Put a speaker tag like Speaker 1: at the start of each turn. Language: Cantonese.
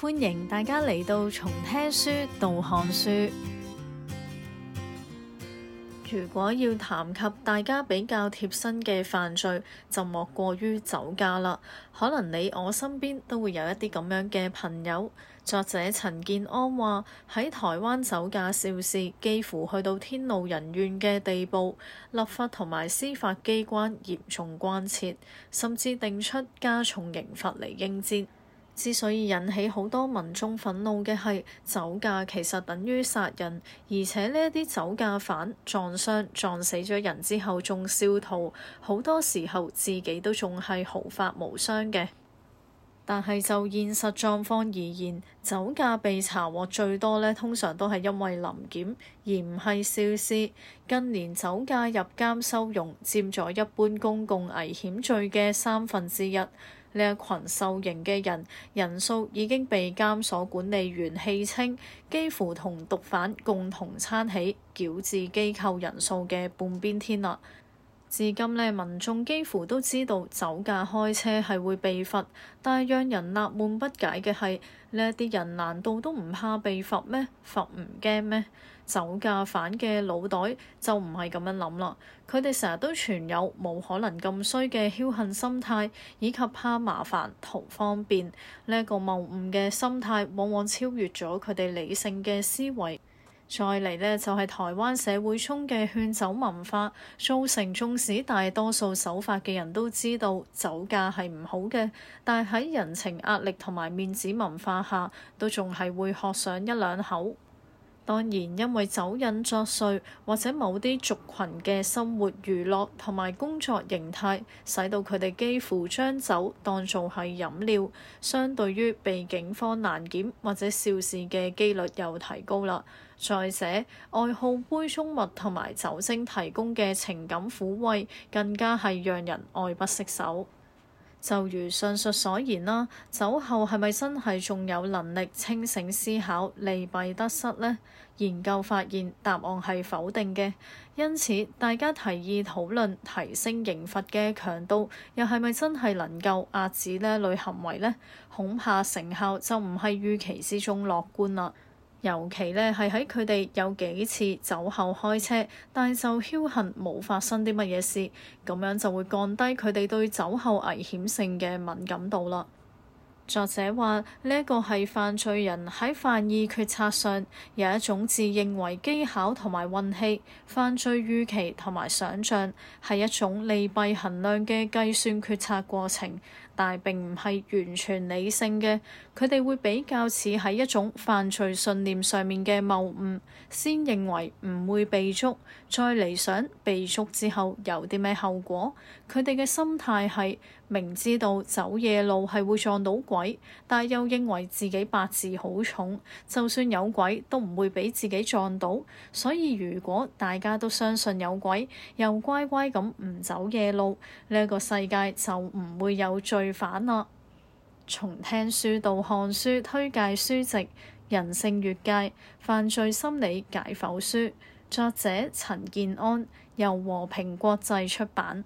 Speaker 1: 歡迎大家嚟到從聽書到看書。如果要談及大家比較貼身嘅犯罪，就莫過於酒駕啦。可能你我身邊都會有一啲咁樣嘅朋友。作者陳建安話：喺台灣酒駕肇事，幾乎去到天怒人怨嘅地步，立法同埋司法機關嚴重關切，甚至定出加重刑罰嚟應戰。之所以引起好多民眾憤怒嘅係酒駕，其實等於殺人，而且呢啲酒駕犯撞傷撞死咗人之後仲肇逃，好多時候自己都仲係毫髮無傷嘅。但係就現實狀況而言，酒駕被查獲最多咧，通常都係因為臨檢而唔係肇事。近年酒駕入監收容佔咗一般公共危險罪嘅三分之一。呢一群受刑嘅人，人數已經被監所管理員戲稱幾乎同毒販共同撐起矯治機構人數嘅半邊天啦。至今呢，民眾幾乎都知道酒駕開車係會被罰，但係讓人納悶不解嘅係呢啲人，難道都唔怕被罰咩？罰唔驚咩？酒駕犯嘅腦袋就唔係咁樣諗啦，佢哋成日都存有冇可能咁衰嘅僥倖心態，以及怕麻煩圖方便呢一個謬誤嘅心態，往往超越咗佢哋理性嘅思維。再嚟呢，就係、是、台灣社會中嘅勸酒文化，造成縱使大多數守法嘅人都知道酒駕係唔好嘅，但係喺人情壓力同埋面子文化下，都仲係會喝上一兩口。當然，因為酒癮作祟，或者某啲族群嘅生活娛樂同埋工作形態，使到佢哋幾乎將酒當做係飲料，相對於被警方攔檢或者肇事嘅機率又提高啦。再者，愛好杯中物同埋酒精提供嘅情感撫慰，更加係讓人愛不釋手。就如上述所言啦，酒後係咪真係仲有能力清醒思考利弊得失呢？研究發現答案係否定嘅，因此大家提議討論提升刑罰嘅強度，又係咪真係能夠壓止呢類行為呢？恐怕成效就唔係預期之中樂觀啦。尤其呢，係喺佢哋有幾次酒後開車，但就僥幸冇發生啲乜嘢事，咁樣就會降低佢哋對酒後危險性嘅敏感度啦。作者話呢一個係犯罪人喺犯意決策上有一種自認為機巧同埋運氣，犯罪預期同埋想象，係一種利弊衡量嘅計算決策過程。但並唔係完全理性嘅，佢哋會比較似喺一種犯罪信念上面嘅謬誤，先認為唔會被捉，再嚟想被捉之後有啲咩後果。佢哋嘅心態係明知道走夜路係會撞到鬼，但又認為自己八字好重，就算有鬼都唔會俾自己撞到。所以如果大家都相信有鬼，又乖乖咁唔走夜路，呢個世界就唔會有罪。反啦，從聽書到看書，推介書籍《人性越界：犯罪心理解剖書》書，作者陳建安，由和平國際出版。